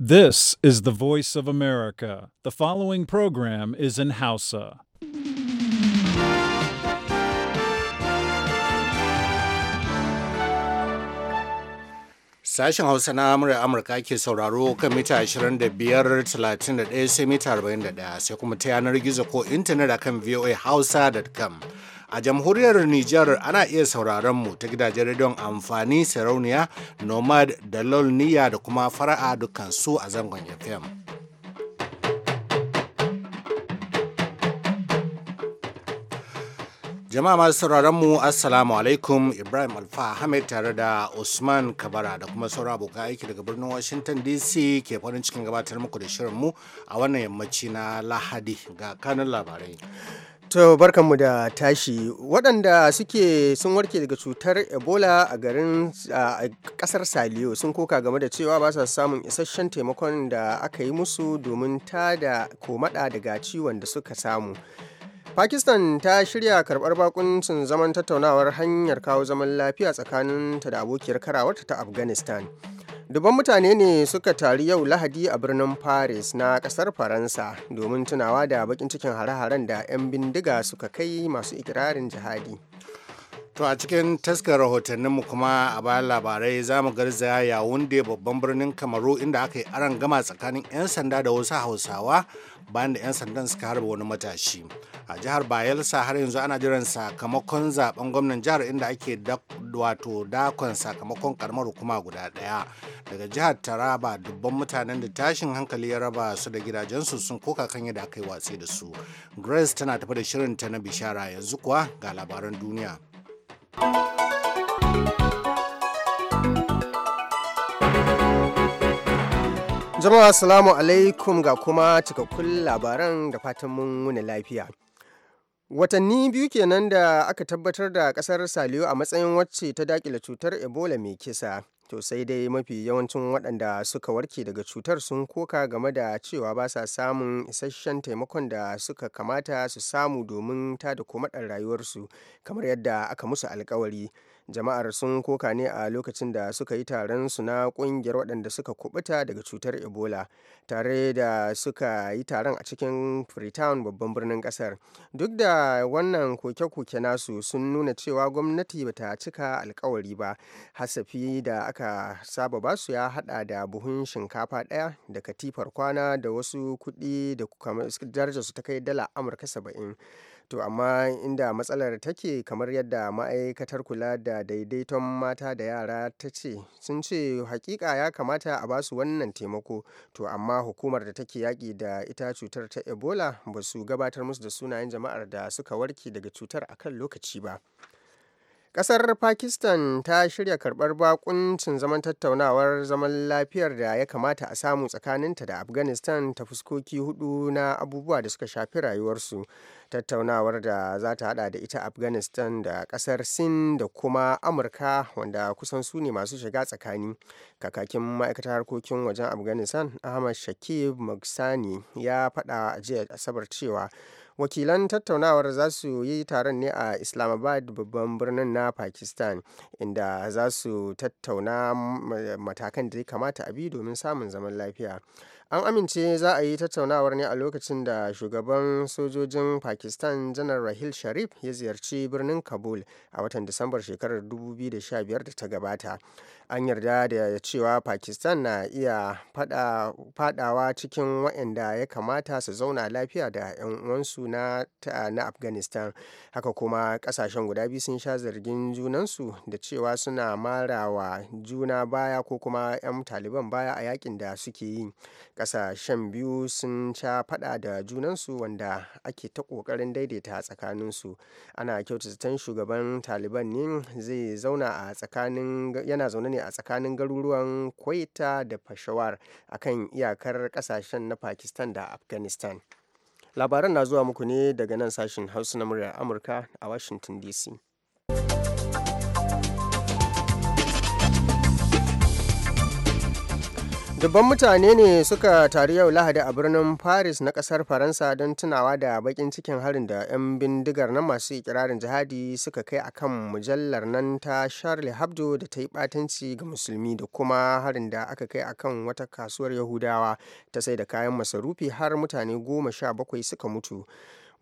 This is the voice of America. The following program is in Hausa. Sashen Hausa na murya Amurka ke sauraro kan mita 25, 31 sai mita 41 sai kuma ta yanar gizo ko intanet akan voahausa.com. A jamhuriyar Nijar ana iya sauraron mu ta gidajen rediyon amfani sarauniya Nomad da Lolniya da kuma fara'a su a zangon FM. Jama'a masu sauraron mu Assalamu alaikum Ibrahim Alfa Hamid tare da Usman Kabara da kuma sauran abokan aiki daga birnin Washington DC ke farin cikin gabatar muku da shirin mu a wannan yammaci na Lahadi ga kanun labarai. To barkanmu da tashi waɗanda suke sun warke daga cutar Ebola a garin a ƙasar Saliyo sun koka game da cewa ba sa samun isasshen taimakon da aka yi musu domin ta da komada daga ciwon da suka samu. Pakistan ta shirya karɓar bakuncin zaman tattaunawar hanyar kawo zaman lafiya tsakaninta da abokiyar karawarta ta Afghanistan. Duban mutane ne suka taru yau Lahadi a birnin Paris na kasar Faransa domin tunawa da bakin cikin hare-haren da 'yan bindiga suka kai masu ikirarin jihadi. To a cikin taskar mu kuma a bayan labarai za mu garzaya yawun da babban birnin Kamaru inda aka yi aron gama tsakanin 'yan sanda da wasu Hausawa bayan da 'yan sandan suka harba wani matashi a jihar bayelsa har yanzu ana jiran sakamakon zaben gwamnan jihar inda ake wato dakon sakamakon karamar hukuma guda daya daga jihar taraba dubban mutanen da tashin hankali ya raba su da gidajensu sun koka kan yadda aka yi watsi da su grace tana tafi da shirin ta na bishara yanzu kuwa ga labaran duniya jama'a salamu alaikum ga kuma cikakkun labaran da fatan mun wuni lafiya watanni biyu kenan da aka tabbatar da kasar saliyo a matsayin wacce ta dakile cutar ebola mai kisa to sai dai mafi yawancin waɗanda suka warke daga cutar sun koka game da cewa ba sa samun isasshen taimakon da suka kamata su samu domin ta da komaɗar rayuwarsu kamar yadda aka musu alkawari jama'ar sun koka ne a lokacin da suka yi taron su na kungiyar waɗanda suka kubuta daga cutar ebola tare da suka yi taron a cikin freetown babban birnin ƙasar duk da wannan koke-koke nasu sun nuna cewa gwamnati ba ta cika alkawari ba hasafi da aka saba basu ya hada da buhun shinkafa ɗaya da katifar kwana da wasu kuɗi da darajarsu ta kai dala amurka saba'in to amma inda matsalar take kamar yadda ma'aikatar kula da daidaiton mata da yara ta ce sun ce hakika ya kamata a basu wannan taimako to amma hukumar da take yaƙi da ita cutar ta ebola ba su gabatar musu da sunayen jama'ar da suka warke daga cutar a kan lokaci ba Ƙasar Pakistan ta shirya karɓar bakuncin zaman tattaunawar zaman lafiyar da ya kamata a samu tsakaninta da Afghanistan ta fuskoki hudu na abubuwa da suka shafi rayuwarsu. Tattaunawar da za ta hada da ita Afghanistan da ƙasar Sin da kuma Amurka wanda kusan su ne masu shiga tsakani. Kakakin ma'aikatar harkokin wajen Afghanistan Ahmad Shakib Magsani ya faɗa a jiya Asabar cewa wakilan tattaunawar za su yi taron ne a islamabad babban birnin na pakistan inda za su tattauna matakan da ya kamata a bi domin samun zaman lafiya an amince za a yi tattaunawar ne a lokacin da shugaban sojojin pakistan janar rahil sharif ya ziyarci birnin kabul a watan disambar shekarar 2015 da ta gabata an yarda da cewa pakistan na iya fadawa cikin waɗanda ya kamata su zauna lafiya da 'yan uwansu na, na afghanistan haka kuma ƙasashen guda biyu sun sha zargin junansu da cewa suna mara wa juna baya ko kuma 'yan taliban baya a yakin da suke yi ƙasashen biyu sun ca faɗa da junansu wanda ake ta ƙoƙarin daidaita tsakaninsu ana kyautata shugaban taliban ne zai zauna a tsakanin yana zaune ne a tsakanin garuruwan kwaita da fashawar akan iyakar ƙasashen na pakistan da afghanistan labaran na zuwa muku ne daga nan sashen hausa na muryar amurka a washington dc dubban mutane ne suka taru yau lahadi a birnin paris na kasar faransa don tunawa da bakin cikin harin da 'yan bindigar na masu ikirarin jihadi suka kai akan mujallar nan ta charlie habdo da ta yi batanci ga musulmi da kuma harin da aka kai akan wata kasuwar yahudawa ta sai da kayan masarufi har mutane goma sha bakwai suka mutu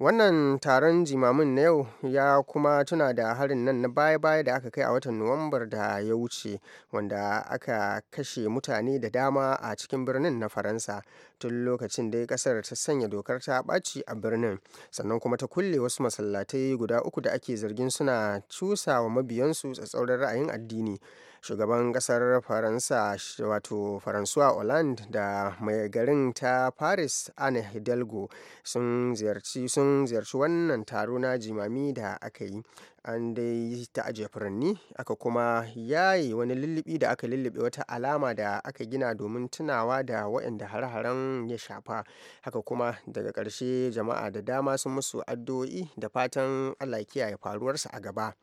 wannan taron jimamin na yau ya kuma tuna da harin nan na baya-baya da aka kai a watan nuwambar da ya wuce wanda aka kashe mutane da dama a cikin birnin na faransa tun lokacin da kasar ta sanya dokar ta ɓaci a birnin sannan kuma ta kulle wasu masallatai guda uku da ake zargin suna cusa wa mabiyansu tsatsauran ra'ayin addini shugaban kasar faransa wato faransuwa hollande da mai garin ta paris anne hidalgo sun ziyarci sun ziyarci wannan taro na jimami da aka yi an dai ta ajiye furanni aka kuma yayi wani lullubi da aka lullube wata alama da aka gina domin tunawa da waɗanda har-haren ya shafa haka kuma daga ƙarshe jama'a da dama sun musu addu'o'i da fatan allah kiyaye faruwarsa a gaba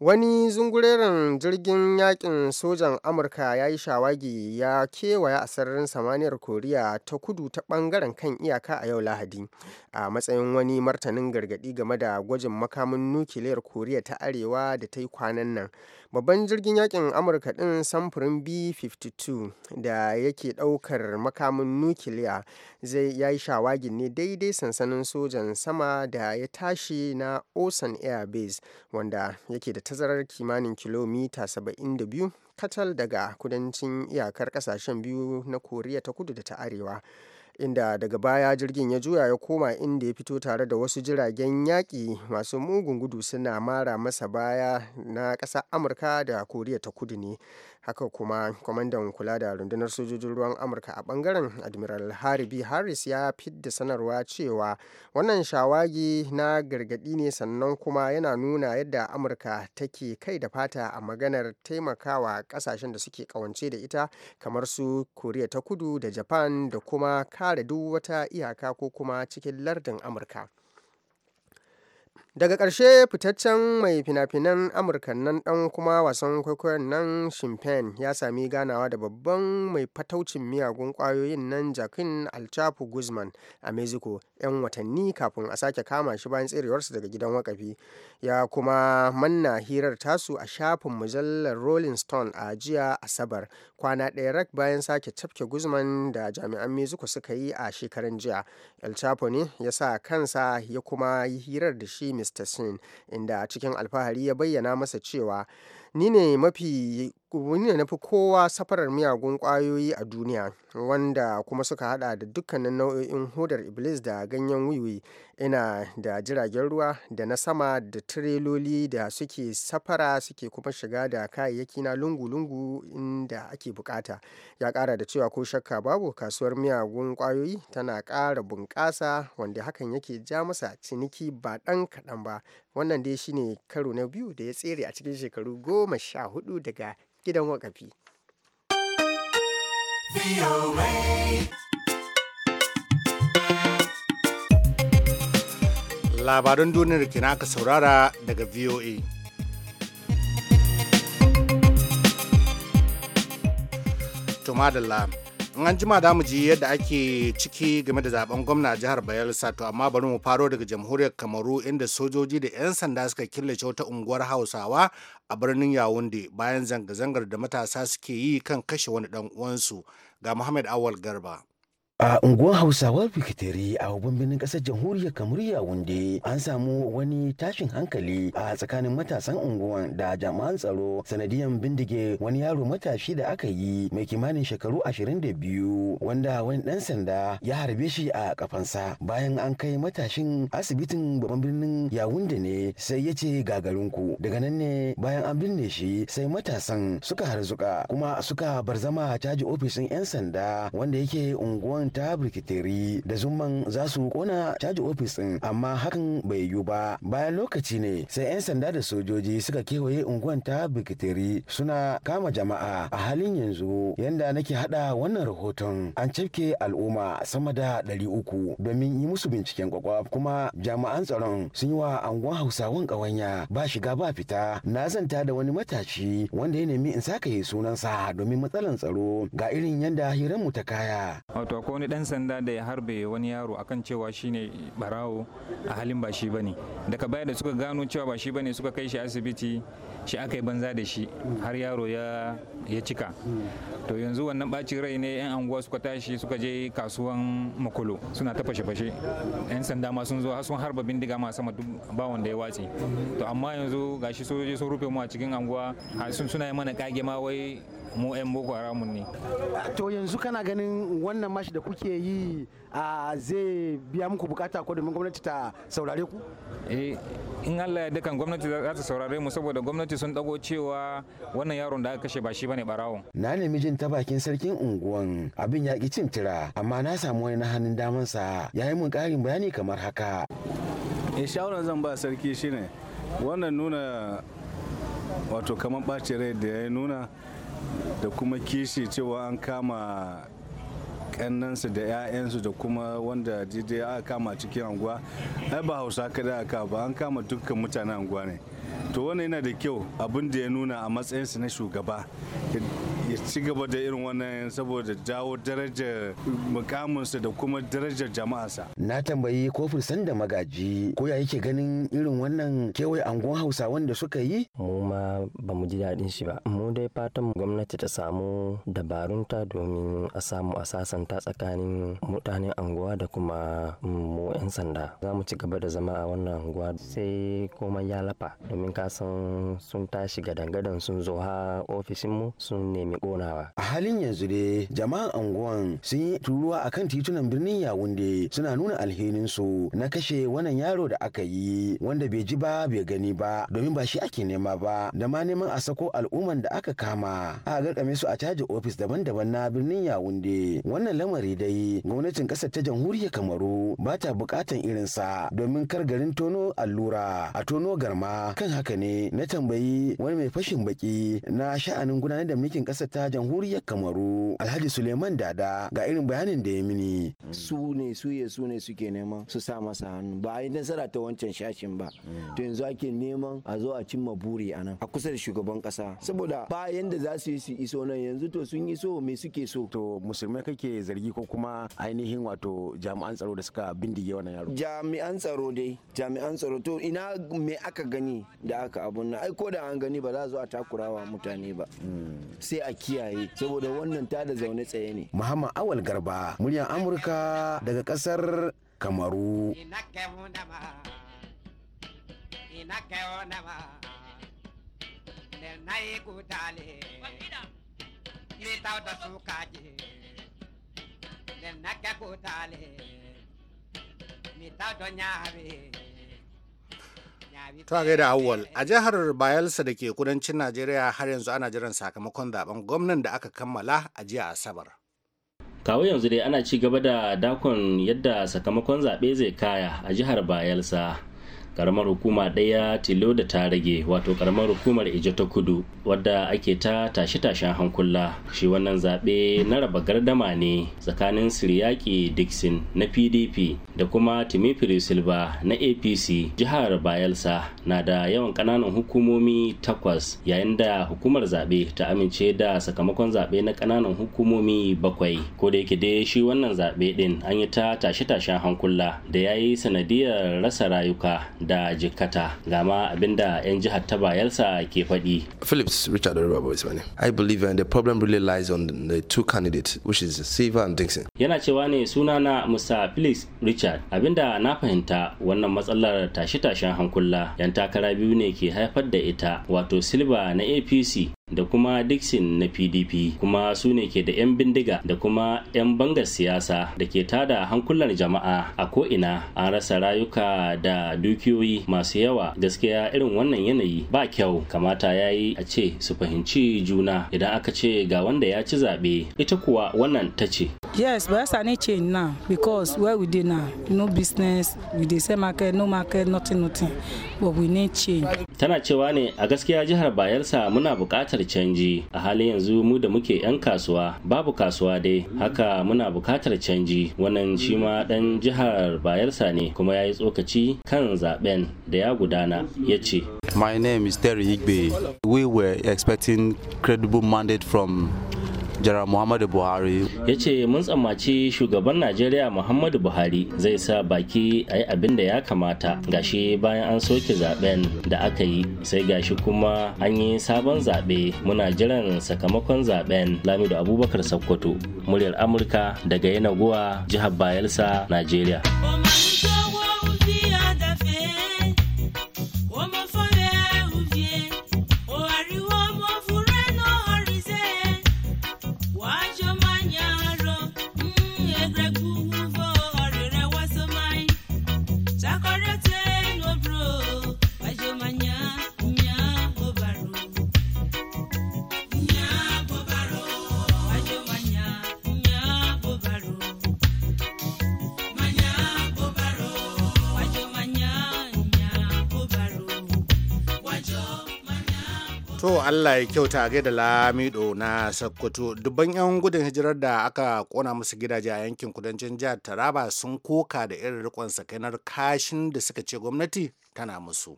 wani zungureren jirgin yakin sojan amurka ya yi shawagi ya kewaya a sararin samaniyar koriya ta kudu ta bangaren kan iyaka a yau lahadi a matsayin wani martanin gargadi game da gwajin makamin nukiliyar koriya ta arewa da ta yi kwanan nan babban jirgin yakin amurka din samfurin b-52 da yake daukar makamin nukiliya zai ya yi shawagin ne daidai sansanin sojan sama da ya tashi na osan air base wanda yake da tazarar kimanin kilomita 72 katal daga kudancin iyakar kasashen biyu na koriya ta kudu da ta arewa inda daga baya jirgin ya juya ya koma inda ya fito tare da wasu jiragen yaƙi masu mugun gudu suna mara masa baya na ƙasar amurka da koriya ta kudu ne haka kuma kwamandan kula da rundunar sojojin ruwan amurka a bangaren admiral harry b harris ya fidda sanarwa cewa wannan shawagi na gargadi ne sannan kuma yana nuna yadda amurka take kai da fata a maganar taimakawa kasashen da suke kawance da ita kamar su korea ta kudu da japan da kuma kare duk wata iyaka ko kuma cikin lardin amurka daga ƙarshe fitaccen mai fina-finan amurka nan ɗan kuma wasan kwaikwayon nan shimpen ya sami ganawa da babban mai fataucin miyagun ƙwayoyin nan jakin alchapu guzman a mexico 'yan watanni kafin a sake kama shi bayan tserewarsa daga gidan wakafi ya kuma manna hirar tasu a shafin mujallar rolling stone a jiya asabar kwana ɗaya rak bayan sake cafke guzman da jami'an mexico suka yi a shekaran jiya el ne ya sa kansa ya kuma yi hirar da shi Mr. Sin, inda cikin alfahari ya bayyana masa cewa ni ne mafi wani ne nafi kowa safarar miyagun ƙwayoyi a duniya wanda kuma suka hada da dukkanin nau'o'in hodar iblis da ganyen wiwi ina da jiragen ruwa da na sama da tireloli da suke safara suke kuma shiga da kayayyaki na lungu-lungu inda ake bukata ya kara da cewa ko shakka babu kasuwar miyagun ƙwayoyi tana ƙara bunƙasa wanda hakan yake ja masa ciniki ba ɗan kaɗan ba wannan dai shine karo na biyu da ya tsere a cikin shekaru goma sha hudu daga gidan wakafi labaran duniyar kina aka saurara daga voa tumadala an jima da mu ji yadda ake ciki game da zaben gwamna jihar bayelsa to amma bari mu faro daga jamhuriyar kamaru inda sojoji da 'yan sanda suka killace wata unguwar hausawa a birnin yawunde bayan zanga-zangar da matasa suke yi kan kashe wani dan uwansu ga muhammad awal garba A unguwar Hausawa Fikitiri a babban birnin ƙasar jamhuriyar Kamuriya Wunde an samu wani tashin hankali a tsakanin matasan unguwan da jami'an tsaro sanadiyan bindige wani yaro matashi da aka yi mai kimanin shekaru 22 wanda wani ɗan sanda ya harbe shi a kafansa bayan an kai matashin asibitin babban birnin Yawunde ne sai ya ce gagarinku daga nan ne bayan an binne shi sai matasan suka harzuka kuma suka bar barzama caji ofishin 'yan sanda wanda yake unguwan gwamnatin ta birkiteri da zumman za su kona caji ofis din amma hakan bai yiwu ba bayan lokaci ne sai 'yan sanda da sojoji suka kewaye unguwan ta birkiteri suna kama jama'a a halin yanzu yanda nake hada wannan rahoton an cafke al'umma sama da uku domin yi musu binciken kwakwaf kuma jami'an tsaron sun yi wa anguwan hausawan ƙawanya ba shiga ba fita na zanta da wani matashi wanda ya nemi in sakaye sunansa domin matsalan tsaro ga irin yanda hiranmu ta kaya. Wato wani dan sanda da ya harbe wani yaro akan cewa shine barawo a halin ba shi bane daga baya da suka gano cewa ba shi bane suka kai shi asibiti shi aka yi banza da shi har yaro ya cika to yanzu wannan bacin rai ne yan anguwa suka tashi suka je kasuwan makolo suna ta fashe-fashe yan sanda ma sun zo sun harba bindiga ma sama duk ba wanda ya watse to amma yanzu gashi sojoji sun rufe mu a cikin anguwa sun suna mana kage ma wai mu 'yan boko haramun ne to yanzu kana ganin wannan mashi da kuke yi Ah, zai biya muku bukata ko domin gwamnati ta saurare ku eh, in Allah ya dukan gwamnati za ta saurare mu saboda gwamnati sun dago cewa wannan yaron da aka kashe ba shi bane barawon na nemi jin ta bakin sarkin unguwan abin ya ki cin tira amma na samu wani na hannun daman sa yi mun karin bayani kamar haka eh shawaran zan ba sarki shine wannan nuna wato kamar ɓacin rai da ya nuna da kuma kishi cewa an kama kannansu da 'ya'yansu da kuma wanda daidai aka kama cikin anguwa ai ba hausa kada aka ba an kama dukkan mutanen anguwa ne to wannan yana da kyau abin da ya nuna a matsayinsu na shugaba ci gaba da irin wannan saboda jawo darajar mukaminsa da kuma darajar jama'arsa. Na tambayi kofin sanda magaji ko ya yake ganin irin wannan kewaye angon hausa wanda suka yi? Mu ma ba mu ji daɗin shi ba. Mu dai fatan gwamnati ta samu dabarunta domin a samu a sasanta tsakanin mutanen anguwa da kuma mu 'yan sanda. Za mu ci gaba da zama a wannan anguwa sai komai ya lafa domin kasan sun tashi gadan gadan sun zo ha ofishinmu sun nemi a halin yanzu dai jama'an anguwan sun yi turuwa a kan titunan birnin yawunde suna nuna alhinin su na kashe wannan yaro da aka yi wanda bai ji ba bai gani ba domin ba shi ake nema ba da ma neman a sako al'umman da aka kama A garkame su a caji ofis daban-daban na birnin yawunde wannan lamari dai gwamnatin ƙasar ta jamhuriyar kamaru ba ta bukatan sa, domin kar garin tono allura a tono garma kan haka ne na tambayi wani mai fashin baki na sha'anin gudanar da mulkin kasar ta na jamhuriyar kamaru alhaji suleiman dada ga irin bayanin da ya mini su ne su ya su ne suke neman su sa masa hannu ba a yi nasara ta wancan shashin ba to yanzu ake neman a zo a cimma buri a nan a kusa da shugaban kasa saboda bayan da za su yi su iso nan yanzu to sun yi so me suke so to musulmai kake zargi ko kuma ainihin wato jami'an tsaro da suka bindige wannan yaro jami'an tsaro dai jami'an tsaro to ina me aka gani da aka abun nan ai ko da an gani ba za a zo a takurawa mutane ba hmm. sai a kiyaye saboda wannan ta da zaune tsaye ne muhammad awal garba murya amurka daga kasar kamaru tao do nyabe Ta da awwal a jihar Bayelsa da ke kudancin Najeriya har yanzu ana jiran sakamakon zaben gwamnan da aka kammala a jiya Asabar. Kawo yanzu dai ana ci gaba da dakon yadda sakamakon zaɓe zai kaya a jihar Bayelsa. karamar hukuma ɗaya tilo da ta rage wato karamar hukumar ije ta kudu wadda ake ta tashi tashen hankula shi wannan zaɓe na raba gardama ne tsakanin siriyaki dixon na pdp da kuma timifiri silva na apc jihar bayelsa na da yawan ƙananan hukumomi takwas yayin da hukumar zaɓe ta amince da sakamakon zaɓe na ƙananan hukumomi bakwai ko da yake dai shi wannan zaɓe ɗin an yi ta tashe-tashen hankula da ya yi sanadiyar rasa rayuka da jikkata ga ma abinda 'yan jihar ta bayelsa ke faɗi. Philips Richard Oribabo is my I believe and uh, the problem really lies on the two candidates which is Siva and Dixon. Yana cewa ne sunana Mr. Philips Richard abinda na fahimta wannan matsalar tashe-tashen hankula yan takara biyu ne ke haifar da ita wato Silva na APC da kuma Dixon na PDP kuma su ne ke da 'yan bindiga da kuma 'yan bangar siyasa da ke tada hankulan jama'a a ko'ina an rasa rayuka da dukiyoyi masu yawa gaskiya irin wannan yanayi ba kyau kamata ya yi a ce su fahimci juna idan aka ce ga wanda ya ci zaɓe ita kuwa wannan ta ce yes but that's any change now because where we dey now no business we dey sell market no market nothing nothing but we need change tana cewa ne a gaskiya jihar bayelsa muna bukatar buƙatar canji a halin yanzu mu da muke 'yan kasuwa babu kasuwa dai haka muna buƙatar canji wannan shi ma ɗan jihar bayelsa ne kuma ya yi tsokaci kan zaben da ya gudana ya ce my name is terry igbe we were expecting credible mandate from jiran muhammadu buhari ya ce mun tsammaci shugaban najeriya muhammadu buhari zai sa baki a yi abin da ya kamata gashi bayan an soke zaben da aka yi sai gashi kuma an yi sabon zaɓe muna jiran sakamakon zaben lamido abubakar sokoto muryar amurka daga yanaguwa jihar bayelsa najeriya Allah ya kyauta da Lamido na Sokoto. Dubban 'yan gudun hijirar da aka kona musu gidaje a yankin kudancin jihar Taraba sun koka da irin rikon sakainar kashin da suka ce gwamnati tana musu.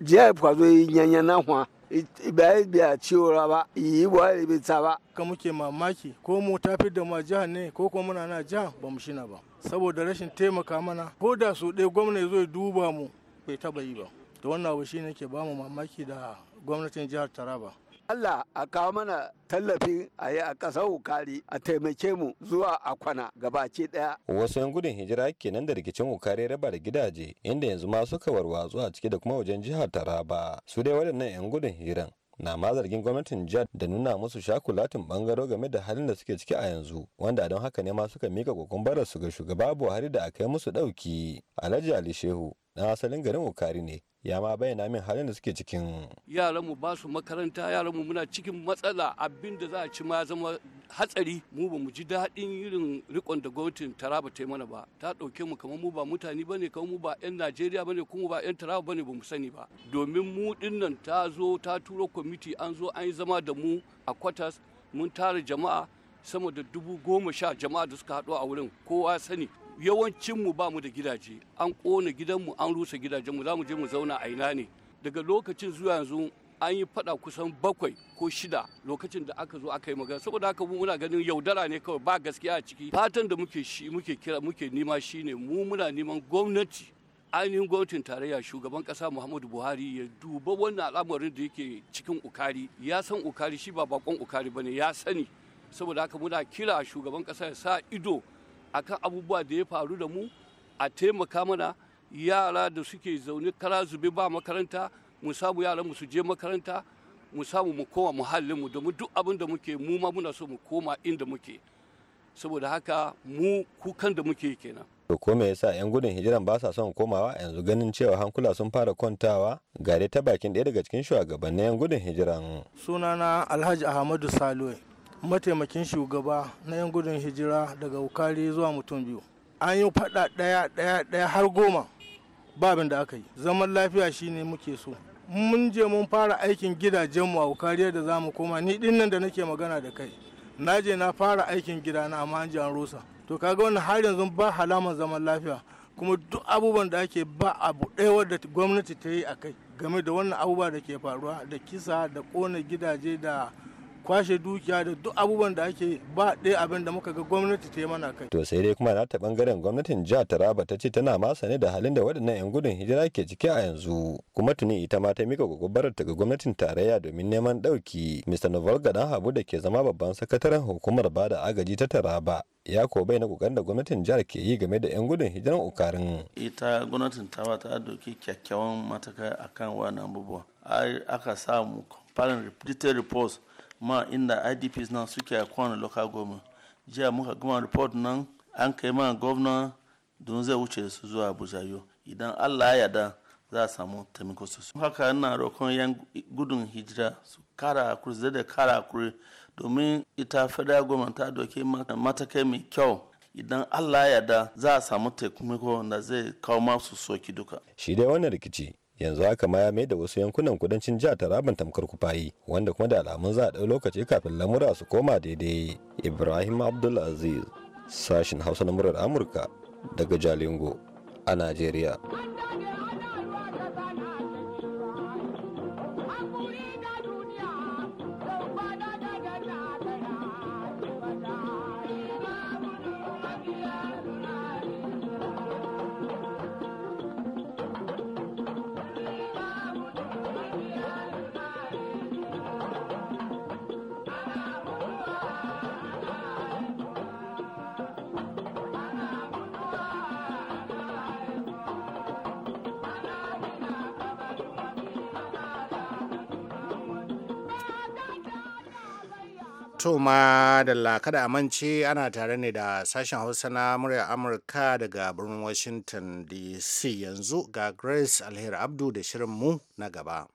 Jiya kwazo yanya na hwa bai biya ciwora ba yi wa bai ta ba. Ka muke mamaki ko mu ta fi da ma jihar ne ko kuma muna na jihar ba mu shina ba. Saboda rashin taimaka mana ko da su ɗaya gwamna ya zo duba mu bai taba yi ba. Da wannan abu shi ne ke ba mu mamaki da gwamnatin jihar Taraba. Allah a kawo mana tallafi a yi a ƙasar Wukari a taimake mu zuwa a kwana gabaci ɗaya. Wasu 'yan gudun hijira kenan da rikicin Wukari raba da gidaje inda yanzu ma suka warwatsu a ciki da kuma wajen jihar Taraba. Su dai waɗannan 'yan gudun hijiran na ma zargin gwamnatin jihar da nuna musu shakulatin bangaro game da halin da suke ciki a yanzu wanda don haka ne ma suka mika kokon su ga shugaba Buhari da aka yi musu ɗauki. Alhaji Ali Shehu na asalin garin ukari ne ya ma bayyana min halin da suke cikin yaran mu ba su makaranta yaran mu muna cikin matsala abin da za a ci ma zama hatsari mu ba mu ji daɗin irin rikon da gwamnatin taraba ta yi mana ba ta ɗauke mu kamar mu ba mutane ba kamar mu ba 'yan najeriya ba ne kuma ba 'yan taraba ba ne ba mu sani ba domin mu ɗin ta zo ta turo kwamiti an zo an yi zama da mu a kwatas mun tara jama'a sama da dubu goma sha jama'a da suka haɗu a wurin kowa sani yawancinmu ba mu da gidaje an ƙona gidanmu an rusa gidajenmu za mu je mu zauna a ina ne daga lokacin zuwa yanzu an yi fada kusan bakwai ko shida lokacin da aka zo aka yi magana saboda haka mu muna ganin yaudara ne kawai ba gaskiya a ciki fatan da muke shi muke kira muke nema shine mu muna neman gwamnati ainihin gwamnatin tarayya shugaban kasa muhammadu buhari ya duba wannan al'amarin da yake cikin ukari ya san ukari shi ba bakon ukari ne. ya sani saboda haka muna kira shugaban kasa ya sa ido akan abubuwa da ya faru da mu a taimaka mana yara da suke zaune kara zube ba makaranta mu samu yaran mu su je makaranta mu samu mu koma muhallin mu domin duk abin da muke mu ma muna so mu koma inda muke saboda haka mu kukan da muke kenan to ko me yasa yan gudun hijiran ba sa son komawa yanzu ganin cewa hankula sun fara kwantawa gare ta bakin daya daga cikin shugabannin yan gudun hijiran sunana alhaji ahmadu saloe mataimakin shugaba na 'yan gudun hijira daga wukari zuwa mutum biyu an yi faɗa ɗaya ɗaya ɗaya har goma babin da aka yi zaman lafiya shine muke so mun je mun fara aikin gidajenmu a wukari da za mu koma ni dinnan da nake magana da kai na je na fara aikin gida na amma an ji an rusa to kaga wannan har yanzu ba halaman zaman lafiya kuma duk abubuwan da ake ba abu ɗaya wadda gwamnati ta yi a kai game da wannan abubuwa da ke faruwa da kisa da ƙona gidaje da kwashe dukiya da duk abubuwan da ake ba ɗaya abin da muka ga gwamnati ta yi mana kai. To sai dai kuma na ta bangaren gwamnatin jihar Taraba ta ce tana ma sane da halin da waɗannan 'yan gudun hijira ke ciki a yanzu kuma tuni ita ma ta mika gogobarar ta ga gwamnatin tarayya domin neman ɗauki. Mr. Novel dan Habu da ke zama babban sakataren hukumar bada agaji ta Taraba ya ko bai na kokarin da gwamnatin jihar ke yi game da 'yan gudun hijiran ukarin. ita gwamnatin Taraba ta doki kyakkyawan mataka akan wannan abubuwa aka samu compiling repeated reports ma inda idps nan suke a loka local government jiya muka gama report nan an kai ma gwamna don zai wuce su zuwa abuja yau idan allah ya da za a samu taimako sosai haka ina roƙon yan gudun hijira su kara kuri zai da kara kuri domin ita federal government ta doke matakai mai kyau idan allah ya da za a samu taimako da zai kawo masu soki duka shi dai wannan rikici yanzu haka ma ya mai da wasu yankunan kudancin jihar taraban tamkar kufayi wanda kuma da alamun za a ɗau lokaci kafin lamura su koma daidai ibrahim abdulaziz sashin hausa na murar amurka daga jalingo a najeriya To ma da kada da amince ana tare ne da sashen Hausa na murya Amurka daga birnin Washington DC yanzu ga Grace Alheri Abdu da shirin mu na gaba.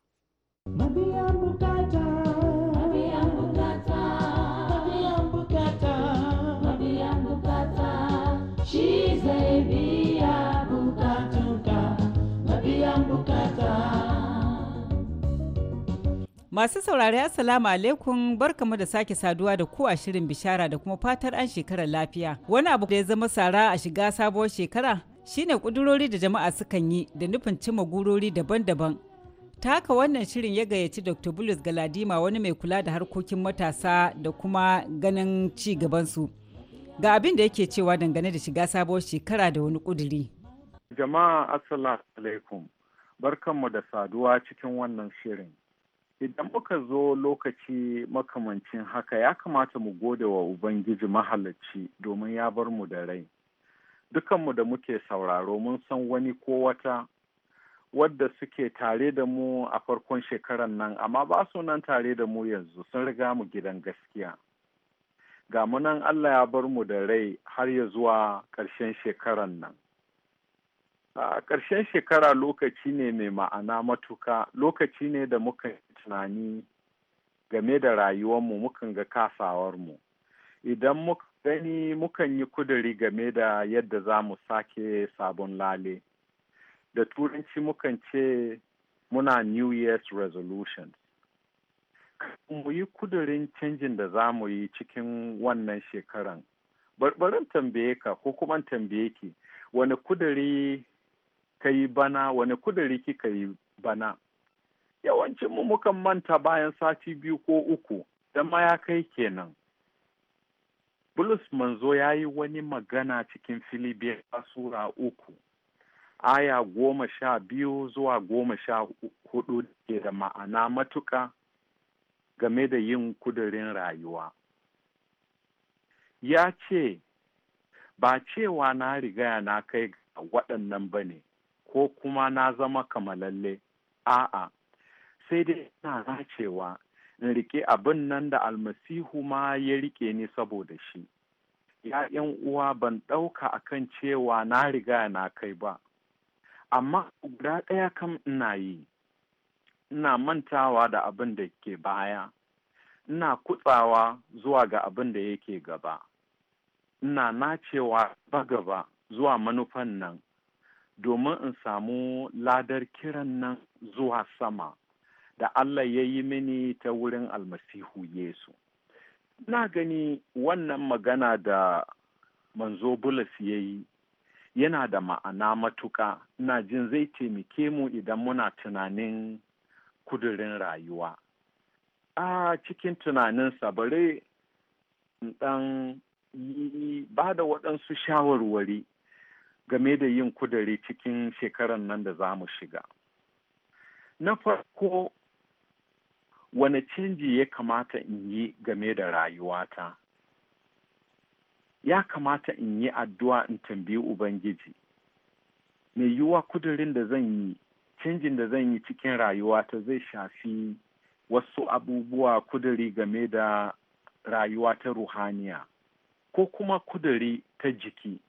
Masu saurari Assalamu alaikum barkamu da sake saduwa da ku a shirin bishara da kuma fatar an shekarar lafiya. Wani abu da ya zama sara a shiga sabuwar shekara shine kudurori da jama'a sukan yi da nufin cimma gurori daban-daban. Ta haka wannan shirin ya gayyaci Dr. Bulus Galadima wani mai kula da harkokin matasa da kuma ganin ci gabansu. Ga abin da yake cewa dangane da shiga sabuwar shekara da wani kuduri. Jama'a Assalamu alaikum. Barkanmu da saduwa cikin wannan shirin. idan muka zo lokaci makamancin haka ya kamata mu gode wa ubangiji mahalarci domin ya bar mu da rai dukanmu da muke sauraro mun san wani ko wata wadda suke tare da mu a farkon shekaran nan amma ba su nan tare da mu yanzu sun riga mu gidan gaskiya ga munan allah ya bar mu da rai har ya zuwa ƙarshen shekaran nan a ƙarshen shekara lokaci ne mai ma'ana matuka lokaci ne da muka tunani game da rayuwarmu mukan ga kasawarmu idan muka gani mukan yi kuduri game da yadda za mu sake sabon lale da turanci mukan ce muna new year's Resolution. mu yi kudurin canjin da za mu yi cikin wannan shekaran barbarin tambaye ka ko kuma tambaye ki wani kuduri ka yi bana wani kudiri kika yi bana yawancin mu mukan manta bayan sati biyu ko uku da ma kai kenan bulus manzo ya yi wani magana cikin filibiyar sura uku aya goma sha biyu zuwa goma sha hudu ke da ma'ana matuka game da yin kudurin rayuwa ya ce ba cewa na rigaya na kai waɗannan ba ne ko kuma na zama kamalalle a'a sai dai ina racewa in rike abin nan da almasihu ma ya rike ni saboda shi ‘ya'yan uwa ban ɗauka a kan cewa na riga na kai ba amma guda ɗaya kam ina yi ina mantawa da abin da ke baya ina kutsawa zuwa ga abin da yake gaba ina nacewa ba gaba zuwa manufan nan domin in samu ladar kiran nan zuwa sama da Allah ya yi mini ta wurin almasihu Yesu. Na gani wannan magana da manzo Bulus ya yi yana da ma'ana matuka, na jin zai taimake mu idan muna tunanin kudurin rayuwa. A cikin tunaninsa bare ɗan yi ba da waɗansu shawarwari game da yin kudari cikin shekaran nan da za mu shiga. Na farko, wane canji ya kamata in yi game da rayuwata? Ya kamata in yi addu'a in tambayi Ubangiji, mai yiwuwa kudurin da zan yi, canjin da zan yi cikin rayuwata zai shafi wasu abubuwa kuduri game da rayuwa ta ruhaniya ko kuma kuduri ta jiki.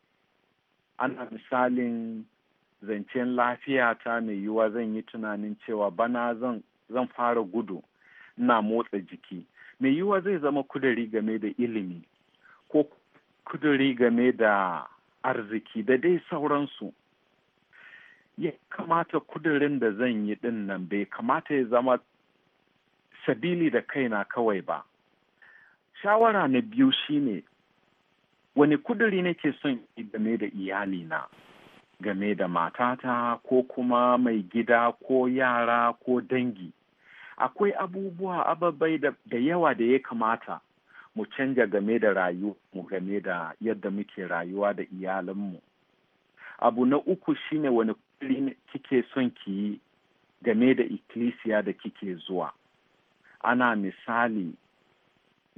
ana misalin zancen lafiya ta mai yiwuwa zan yi tunanin cewa bana zan fara gudu na motsa jiki mai yiwuwa zai zama kuduri game da ilimi ko kuduri game da arziki da dai sauransu ya kamata kudurin da zan yi din nan bai kamata ya zama sabili da kaina kawai ba shawara na biyu shine wani kuduri nake son game da iyalina game da matata ko kuma mai gida ko yara ko dangi akwai abubuwa ababai da yawa da ya kamata mu canja game da rayu mu game da yadda muke rayuwa da iyalanmu abu na uku shine wani kuduri kike son ki game da ikkilisiya da kike zuwa ana misali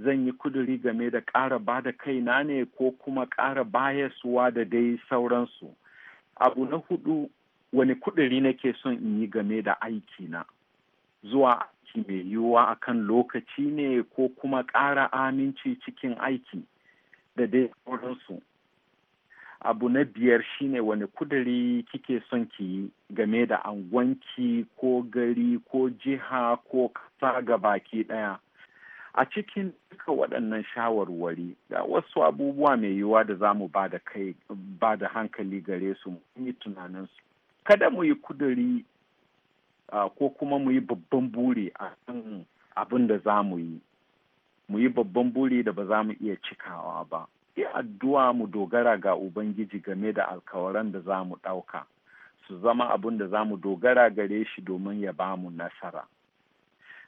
zan yi kuduri game da ƙara ba da kaina ne ko kuma ƙara bayasuwa da dai sauransu abu na hudu wani kuduri nake son in yi game da aikina zuwa aiki mai yiwuwa kan lokaci ne ko kuma ƙara aminci cikin aiki da dai sauransu abu na biyar shine wani kuduri kike son ki yi game da angwanki ko gari ko jiha ko kasa baki ɗaya a cikin duka waɗannan shawarwari da wasu abubuwa mai yiwuwa da za mu ba da hankali gare su yi tunaninsu kada mu yi kuduri ko kuma mu yi babban buri a kan abin da za mu yi mu yi babban buri da ba za mu iya cikawa ba yi addu'a mu dogara ga ubangiji game da alkawaran da za mu ɗauka su zama abin da za mu dogara gare shi domin ya ba mu nasara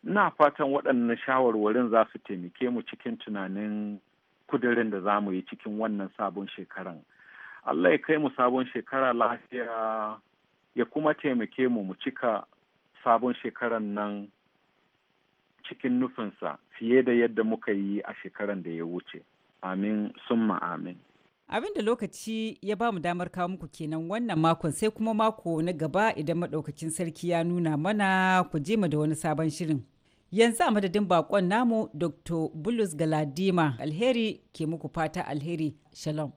na fatan waɗannan shawarwarin za su taimake mu cikin tunanin kudirin da za mu yi cikin wannan sabon shekaran allah ya kai mu sabon shekara lafiya ya kuma taimake mu mu cika sabon shekaran nan cikin nufinsa fiye da yadda muka yi a shekaran da ya wuce amin summa amin abin da lokaci ya ba mu damar kawo muku kenan wannan makon sai kuma mako na gaba idan maɗaukacin sarki ya nuna mana ku je mu da wani sabon shirin Yanzu a madadin bakon namu Dr. Bulus Galadima alheri ke muku fata alheri. Shalom.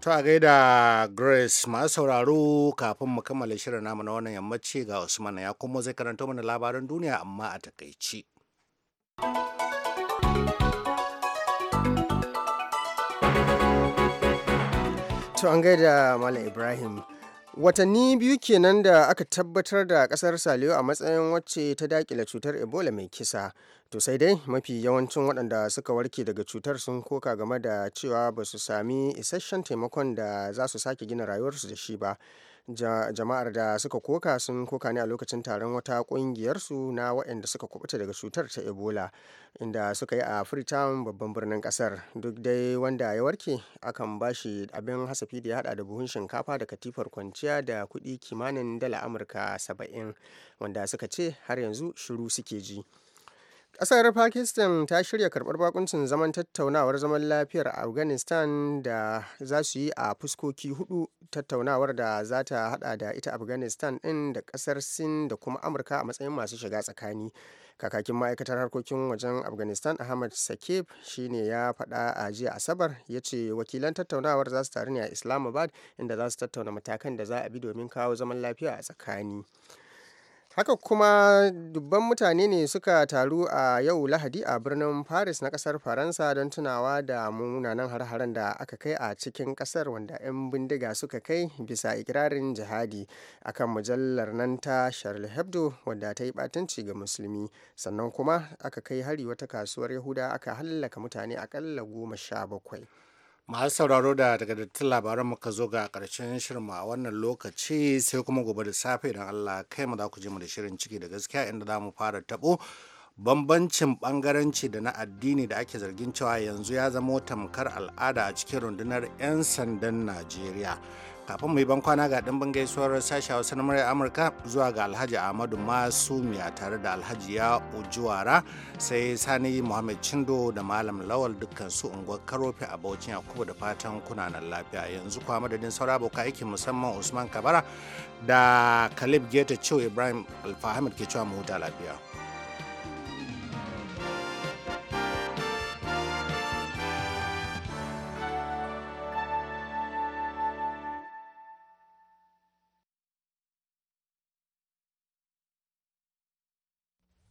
To a gaida Grace masu sauraro kafin mu kammala shirin namu na wannan yammaci ga Usman ya kuma zai karanta mana labaran duniya amma a takaici. To an gaida Malam Ibrahim watanni biyu kenan da aka tabbatar da kasar saliyo a matsayin wacce ta dakile cutar ebola mai kisa to sai dai mafi yawancin waɗanda suka warke daga cutar sun koka game da cewa ba su sami isasshen taimakon da za su sake gina rayuwarsu da shi ba jama'ar da suka koka sun koka ne a lokacin taron wata kungiyar su na waɗanda suka kubuta daga cutar ta ebola inda suka yi a freetown babban birnin ƙasar duk dai wanda ya warke akan bashi abin hasafi da ya hada da buhun shinkafa da katifar kwanciya da kuɗi kimanin dala amurka saba'in wanda suka ce har yanzu shiru suke ji. Ƙasar Pakistan ta shirya karbar bakuncin zaman tattaunawar zaman lafiyar Afghanistan da za su yi a fuskoki hudu tattaunawar da za ta hada da ita Afghanistan ɗin da kasar Sin da kuma Amurka a matsayin masu shiga tsakani. Kakakin ma'aikatar harkokin wajen Afghanistan Ahmad Sakib ne ya faɗa a jiya Asabar ya ce wakilan tattaunawar za su taru ne a Islamabad inda za su tattauna matakan da za a bi domin kawo zaman lafiya a tsakani. haka kuma dubban mutane ne suka taru a yau lahadi a birnin paris na kasar faransa don tunawa da munanan har-haren da aka kai a cikin kasar wanda 'yan bindiga suka kai bisa ikirarin jihadi akan mujallar nan ta charlie hebdo wadda ta yi batanci ga musulmi sannan kuma aka kai hari wata kasuwar yahuda aka hallaka mutane akalla goma sha bakwai masu sauraro da dattin labaran muka zo ga karshen shirma a wannan lokaci sai kuma gobe da safe idan allah kai mu za ku je mu da shirin ciki da gaskiya inda za mu fara tabo bambancin bangaranci da na addini da ake zargin cewa yanzu ya zama tamkar al'ada a cikin rundunar 'yan sandan najeriya kafin mai ban kwana ga dimbin gaisuwar sashi hausa na murya amurka zuwa ga alhaji ahmadu masumiya tare da alhaji ya ujuwara sai sani muhammad cindo da malam lawal dukkan su unguwar karofi a baucin yakubu da fatan kunanan lafiya yanzu kwa madadin saura abokan aiki musamman usman kabara da kalib geta cewa ibrahim alfahamid ke cewa mu huta lafiya.